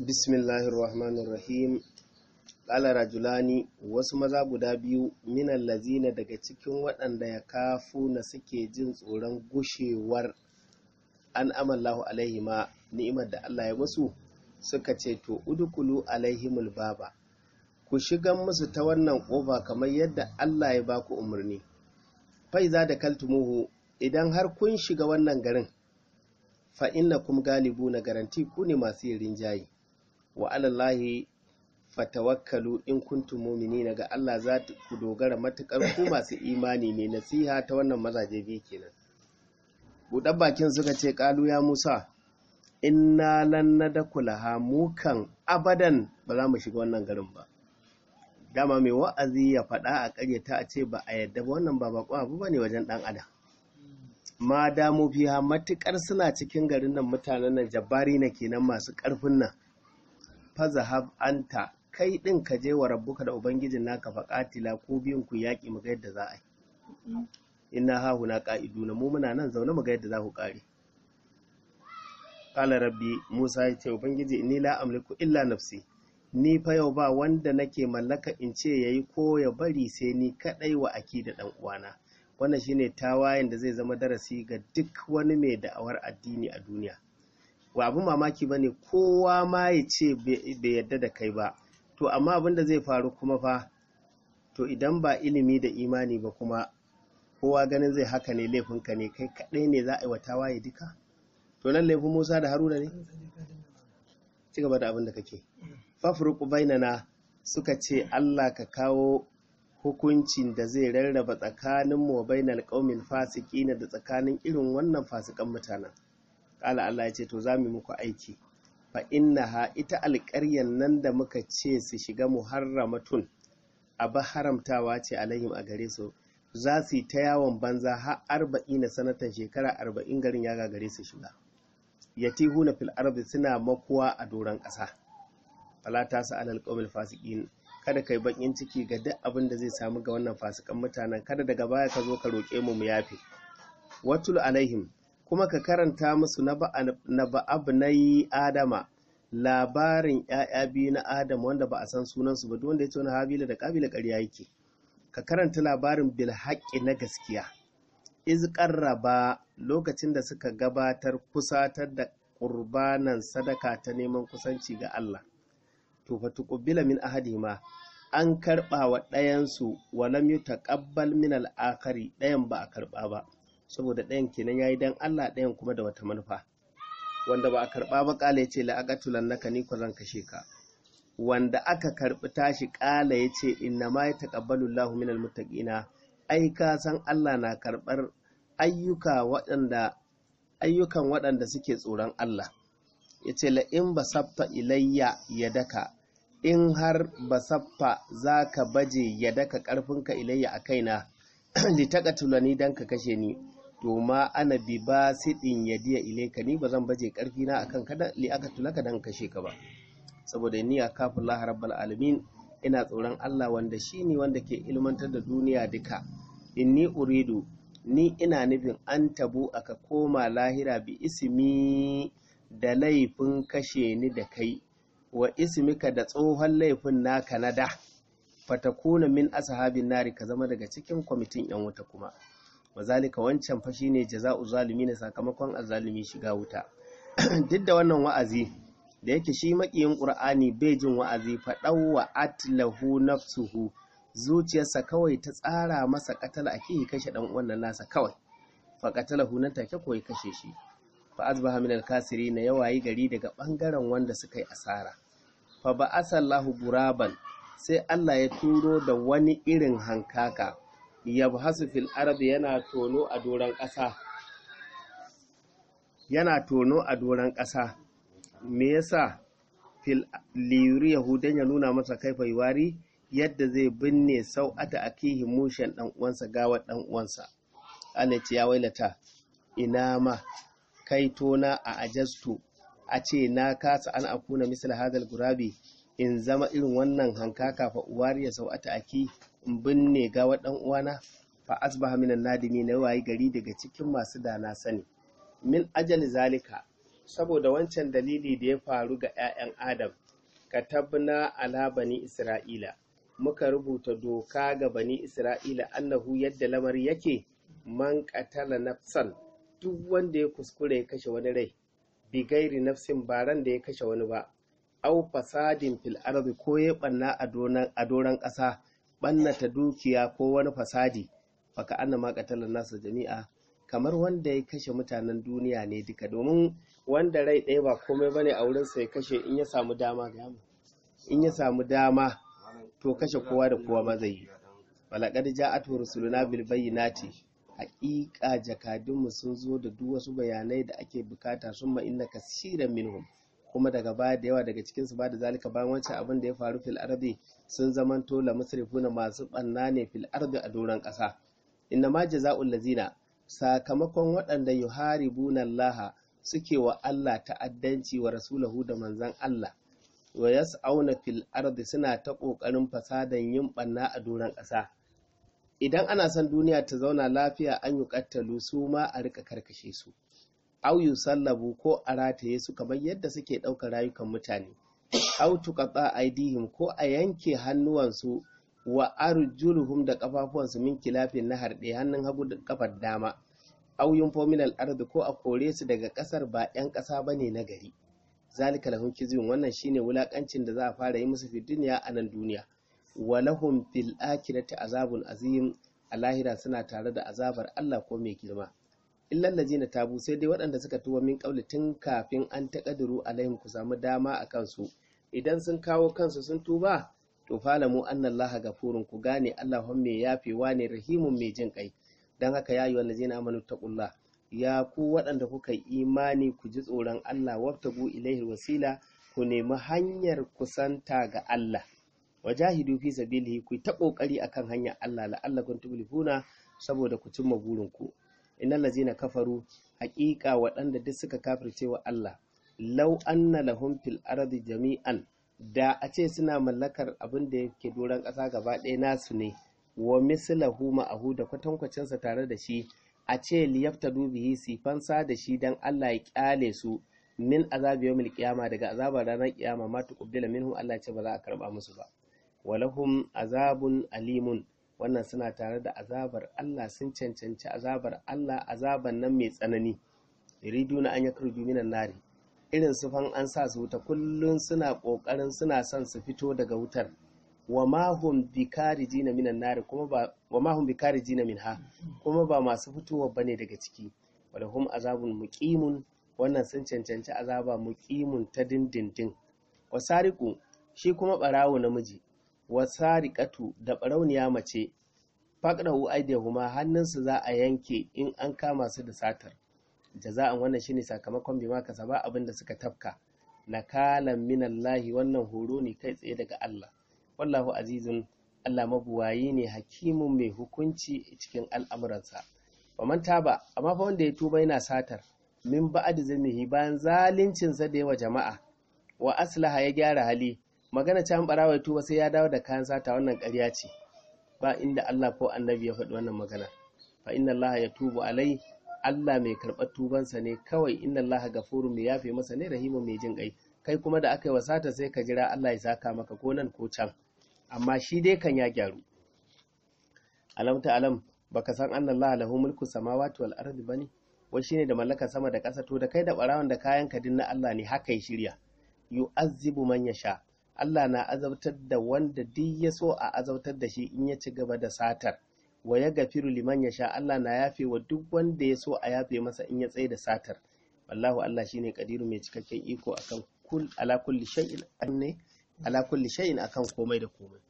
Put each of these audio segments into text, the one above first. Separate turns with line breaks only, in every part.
bismillahir rahmanir rahim الرحيم wasu maza guda biyu minan lazina daga cikin waɗanda ya kafu na suke jin tsoron gushewar an amallahu alaihima ni'imar da Allah ya musu suka ce to udukulu alaihimul baba ku shigan musu ta wannan ƙofa kamar yadda Allah ya baku umarni faiza da kaltumuhu idan har kun shiga wannan garin fa kuma galibu na garanti ku ne masu yin rinjaye wa alallahi fatawakkalu in kuntu kuntum na ga Allah za ku dogara matukar ku masu imani ne nasiha ta wannan mazaje bi kenan budan bakin suka ce kalu ya Musa inna lan nadkhulaha mukan abadan ba za mu shiga wannan garin ba dama mai wa'azi ya faɗa a ƙaryata a ce ba a yadda ba wannan ba bakon abu bane wajen ɗan adam ma damu fiha matukar suna cikin garin nan mutanen nan jabbari na kenan masu ƙarfin nan fazahab anta kai din ka je wa rabbuka da ubangijin naka faƙatila ko biyun ku yaki mu ga yadda za a yi inna huna qaiduna mu muna nan zaune mu ga yadda za ku kare. qala rabbi musa ya ce ubangiji inni la amliku illa nafsi ni fa yau ba wanda nake mallaka in ce yayi ko ya bari sai ni kadai wa aki da dan uwana wannan shine tawayen da zai zama darasi ga duk wani mai da'awar addini a duniya ba abin mamaki ba ne kowa ma ya ce bai yarda da kai ba to amma abin da zai faru kuma fa to idan ba ilimi da imani ba kuma kowa ganin zai haka ne laifinka ne kai kaɗai ne za a yi wata waye duka to nan laifin musa da haruna ne ci gaba da abin da kake fafruku bainana suka ce allah ka kawo hukuncin da zai rarraba tsakanin mu bainal kaumin fasiqina da tsakanin irin wannan fasikan mutanen ƙala Allah ya ce to za mu muku aiki fa ha ita alƙaryar nan da muka ce su shiga muharramatun abu haramtawa ce alaihim a gare su za su yi ta yawon banza har arba'i na sanatan shekara arba'in garin yaga gare su shiga yatihu na fil arzi suna makuwa a doron ƙasa fala ta sa alal qawmil fasiqin kada kai bakin ciki ga duk abin da zai samu ga wannan fasikan mutanen kada daga baya ka zo ka roƙe mu mu yafe watul alaihim kuma ka karanta musu na ba'abu na yi adama labarin ‘ya'ya biyu na adam wanda ba a san sunansu ba wanda ya ce wani habila da kabila ƙarya yake ka karanta labarin bilhaki na gaskiya iz ƙarraba lokacin da suka gabatar kusatar da ƙurbanan sadaka ta neman kusanci ga Allah to fa tuqbila min ma, an karɓa wa ɗayansu lam yutaqabbal min al-akhari ɗayan ba a karɓa ba saboda ɗayan kenan ya yi dan Allah ɗayan kuma da wata manufa wanda ba a karɓa ba ƙala yace la aqatulan naka ni ko zan kashe ka wanda aka karɓi tashi ƙala ya ce, inna ma taƙabbalu Allahu minal muttaqina ai ka san Allah na karɓar ayyukan waɗanda suke tsoron Allah Ya ce la in sabta ilayya ya daka. in har ba za ka baje ya daka ƙarfinka ilayya a kaina li tulani dan ka kashe ni doma ana bi ba sidin yadiya ilaika ni ba zan baje karfi na akan kada li aka ka dan kashe ka ba saboda ni a kafin rabbal alamin ina tsoron Allah wanda shine wanda ke ilmantar da duniya duka inni uridu ni ina nufin an tabu aka koma lahira bi ismi da laifin kashe ni da kai wa ismika da tsohon laifin naka na da fatakuna min ashabin nari ka zama daga cikin kwamitin yan wuta kuma wa wancan fa shine jaza'u zalimin na sakamakon azzalimi shiga wuta duk da wannan wa'azi da yake shi makiyin qur'ani bai jin wa'azi faɗau wa atlahu nafsuhu zuciyarsa kawai ta tsara masa katala ake kashe dan uwan nasa kawai fa katalahu nan take koyi kashe shi fa azbaha min al-kasirin ya gari daga bangaren wanda suka yi asara fa ba'asa Allahu buraban sai Allah ya turo da wani irin hankaka yabhasu fil ardi yana tono a doran ƙasa yana tono a doron ƙasa me yasa fil liyuri yahudan ya nuna masa kaifa yuwari yadda zai binne sau'ata a kihi mushen dan uwansa gawar dan uwansa Allah ya wailata ina ma kai tona a ajastu a ce na kasa an akuna misal hadal gurabi in zama irin wannan hankaka fa ya sau'ata a aki in binne gawar dan uwana fa asbaha minan nadimi na wayi gari daga cikin masu dana sani min ajali zalika saboda wancan dalili da ya faru ga 'ya'yan adam katabna ala bani isra'ila muka rubuta doka ga bani isra'ila annahu yadda lamari yake man qatala nafsan duk wanda ya kuskure ya kashe wani rai bi gairi nafsin baran da ya kashe wani ba au fasadin fil ardi ko ya banna a doran ƙasa ɓannata dukiya ko wani fasadi baka anna ma qatalan nasa jami'a kamar wanda ya kashe mutanen duniya ne duka domin wanda rai ɗaya ba komai ba bane a wurin sai ya kashe in ya samu dama in ya samu dama to kashe kowa da kowa ma zai yi walaqad ja'atu rusuluna bil bayyinati haƙiƙa jakadunmu sun zo da duk wasu bayanai da ake bukata summa inna shirin minhum kuma daga baya da yawa daga cikinsu ba da zalika bayan wancan abin da ya faru fil ardi sun zamanto la musrifuna masu banna ne fil ardi a doron ƙasa inna ma jaza'ul lazina sakamakon waɗanda yuharibuna Allah suke wa Allah ta'addanci wa rasulahu da manzon Allah wa yas'auna fil ardi suna ta kokarin fasadan yin banna a doron ƙasa idan ana son duniya ta zauna lafiya an kattalu su ma a rika karkashe su auyu sallabu ko a rataye su kamar yadda suke ɗaukar rayukan mutane au tuqata aidihim ko a yanke hannuwansu wa arjuluhum da kafafuwansu min kilafin na harɗe hannun hagu da kafar dama au fominal min ko a kore su daga ƙasar ba 'yan ƙasa bane na gari zalika lahum kizyun wannan shine wulakancin da za a fara yi musu fi duniya a nan duniya wa lahum fil akhirati azabun azim a lahira suna tare da azabar Allah ko mai girma illal lazina tabu sai dai waɗanda suka tuwa min ƙauli tun kafin an taƙaduru alaihim ku samu dama a kansu idan sun kawo kansu sun tuba to falamu annallaha gafurun ku gane Allah mai yafewa ne rahimun mai jin ƙai. Don haka ya yi na ladzina amanu taƙulla. ya ku waɗanda kuka imani ku ji tsoron Allah wabtagu ilaihi wasila ku nemi hanyar kusanta ga Allah wajahidu fi sabilihi ku ta kokari akan hanyar Allah la'allakum tuflihuna saboda ku cimma burinku innal ladzina kafaru haqiqa waɗanda duk suka kafirce wa Allah law anna lahum fil ardi jami'an da a ce suna mallakar abin da yake doron ƙasa gaba ɗaya nasu ne wa mislahu ma'ahu da kwatankwacinsa tare da shi a ce liyafta sifan sa da shi dan Allah ya kyale su min azabi yawmil qiyama daga azabar ranar kiyama ma tuqbila minhu Allah ya ce ba za a karba musu ba walahum azabun alimun wannan suna tare da azabar Allah sun cancanci azabar Allah azaban nan mai tsanani na an yakhruju minan nari irin sifan an sa su wuta kullun suna kokarin suna son su fito daga wutar wa mahum jina minan nari kuma ba wa mahum min minha kuma ba masu fitowa bane daga ciki walahum azabun muqimun wannan sun cancanci azaba muqimun ta dindindin wasariku shi kuma barawo namiji wa sariqatu da barauniya mace faqrahu aydihuma hannunsu za a yanke in an kama su da satar jaza'an wannan shine sakamakon bima kasaba abin da suka tafka nakalan minallahi wannan horo ne kai tsaye daga Allah wallahu azizun Allah mabuwayi ne hakimin mai hukunci cikin al'amuransa Ba man taba amma fa wanda ya tuba yana satar min ba'd zamihi bayan zalincin sa da yawa jama'a wa aslaha ya gyara hali magana ta barawa wa tuba sai ya dawo da kayan sata wannan ƙarya ce ba inda Allah ko annabi ya faɗi wannan magana fa inna Allah ya tubu alai Allah mai karɓar tubansa ne kawai inna Allah gafuru mai yafe masa ne rahimu mai jin ƙai kai kuma da aka yi wasata sai ka jira Allah ya saka maka ko nan ko can amma shi dai kan ya gyaru alam ta alam baka san anna Allah lahu mulku samawati wal ardi bane wai shine da mallaka sama da ƙasa to da kai da barawan da kayan ka din na Allah ne haka ya shirya yu'azzibu man yasha Allah na azabtar da wanda duk ya so a azabtar da shi in ya ci gaba da satar wa ya gafiru liman ya sha Allah na yafe wa duk wanda ya so a yafe masa in ya tsaye da satar wallahu Allah shine kadiru mai cikakken iko akan kul ala kulli shay'in anne ala kulli shay'in akan komai da komai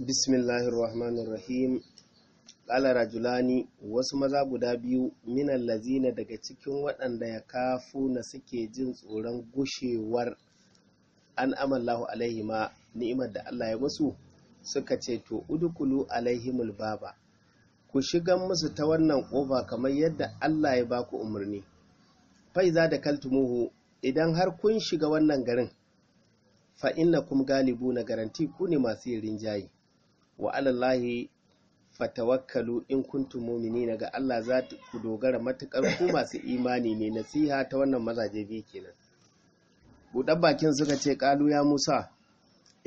bismillahir rahmanir rahim kala rajulani wasu maza guda biyu minan lazina daga cikin waɗanda ya kafu na suke jin tsoron gushewar an amallahu alaihi ma ni'imar da Allah ya musu suka ce to udukulu alaihi baba ku shiga musu ta wannan kofa kamar yadda Allah ya baku umarni faiza da kaltumuhu idan har kun shiga wannan garin na kuma galibu na garanti ku ne masu yin rinjaye wa fatawakkalu in kuntum mu'minina ga Allah za ku dogara matukar ku masu imani ne nasiha ta wannan mazaje biyu kenan Buɗe bakin suka ce ƙalu ya Musa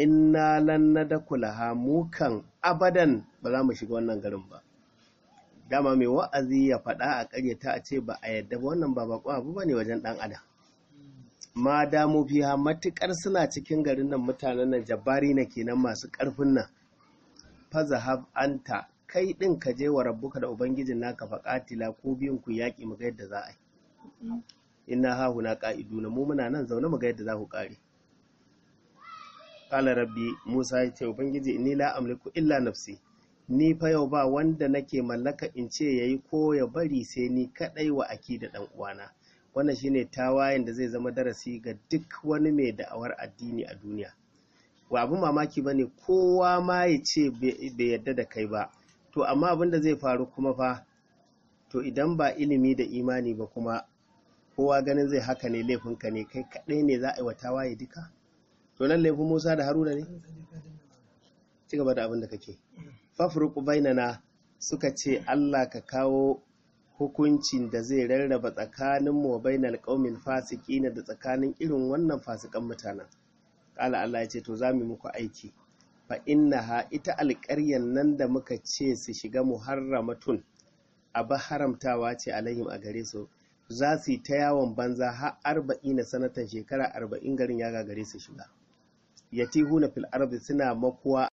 inna lan nadkhulaha mukan abadan ba za mu shiga wannan garin ba dama mai wa'azi ya faɗa a ta a ce ba a yadda ba wannan ba bakon abu bane wajen ɗan adam ma mu fiha matukar suna cikin garin nan mutanen nan jabbari na kenan masu ƙarfin nan zahab anta kai din ka je wa rabbuka da ubangijin naka katila ko biyun ku yaƙi mu ga yadda za a yi inna huna qa'iduna mu muna nan zaune mu ga yadda za ku kare. qala rabbi musa ya ce ubangiji inni la amliku illa nafsi ni fa yau ba wanda nake mallaka in ce yayi ko ya bari sai ni kadai wa aki da dan uwana wannan shine tawayen da zai zama darasi ga duk wani mai da'awar addini a duniya wa abin mamaki bane kowa ma ya ce bai yarda da kai ba to amma abin da zai faru kuma fa to idan ba ilimi da imani ba kuma kowa ganin zai haka ne laifinka ne kai kaɗai ne za a yi wa waye duka to nan laifin musa da haruna ne ci gaba da abin da kake fafruku bainana suka ce allah ka kawo hukuncin da zai rarraba tsakanin mu bainal qaumin fasiki da tsakanin irin wannan fasikan mutanen Ƙala allah ya ce to za mu yi muku aiki fa innaha ita alƙaryar nan da muka ce su shiga muharramatun abu haramtawa ce alaihim a gare su za su yi ta yawon banza har arba'i na sanatan shekara arba'in garin ya gagare su shiga yatihuna fil ardi suna makuwa